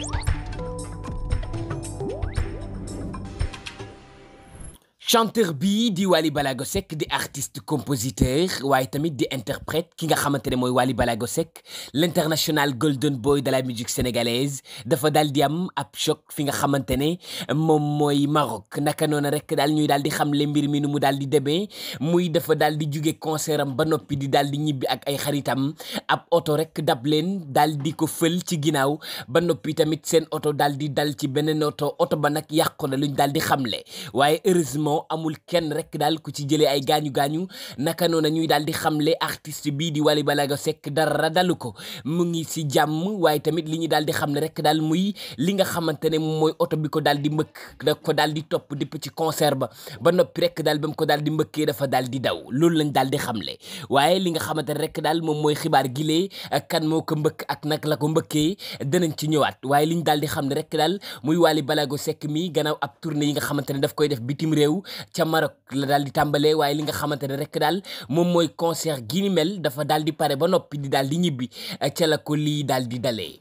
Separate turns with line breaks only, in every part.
Sénégal
chanteur bii di Wally Balago Seck di artiste compositeur waaye tamit di interprète ki nga xamante ne mooy Wally Balago Seck l'international golden boy de la musique sénégalaise dafa daal di am ab choc fi nga xamante ne moom mooy Maroc naka noonu rek daal ñuy daal di xam le mbir mi nu mu daal di demee muy dafa daal di jóge concert am ba noppi di daal di ñibbi ak ay xaritam ab oto rek dab leen daal di ko fël ci ginnaaw ba noppi tamit seen oto daal di dal ci beneen oto oto ba nag yàqu na lu daal di xamle amul kenn rek daal ku ci jëlee ay gaañu gaañu naka noonu ñuy daal di xamle artiste bii di Wally Ballago Seck dara dalu ko mu ngi si jàmm waaye tamit li ñu daal di xamle rek daal muy li nga xamante ne moom mooy oto bi ko daal di mbëkk da ko daal di topp dipp ci concert ba noppi rek daal ba ko daal di mbëkkee dafa daal di daw loolu lañ daal di xamle waaye li nga xamante ne rek daal moom mooy xibaar gilee kan moo mbëkk ak nag la ko mbëkkee danañ ci ñëwaat waaye li ñu daal di xamle rek daal muy Wally Ballago Seck mi gannaaw ab turne yi nga xamante ne daf koy def bitim réew ca Maroc la daal di tàmbalee waaye li nga xamante ne rek daal moom mooy concert gi ni mel dafa daal di pare ba noppi di daal di ñibbi eh, ca la ko lii daal di dalee.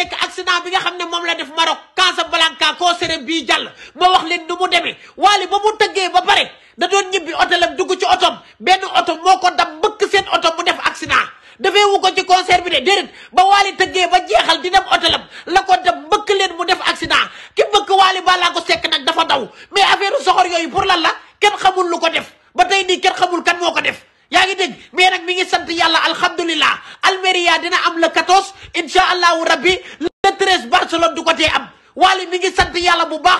nekk accident bi ne moom la def Maroc Casablanca concert bii jàll ma wax leen ba mu da doon ñibbi otelam dugg ci otom benn oto moo ko dab mbëkk seen oto mu def accident dafee wu ci concert bi de déedéet ba waale tëggee ba jeexal di dem otelam la ko dab mbëkk leen Ballago Seck nag dafa daw mais affaire soxor yooyu pour lan la kenn xamul lu ko def ba tey nii kenn xamul kan moo ko def yaa ngi dégg mais nag mi ngi sant yàlla alhamdulilah Almeria dina am le 14 incha allahu rabbi le 13 Barcelone du ko tee am waale mi ngi sant yàlla bu baax.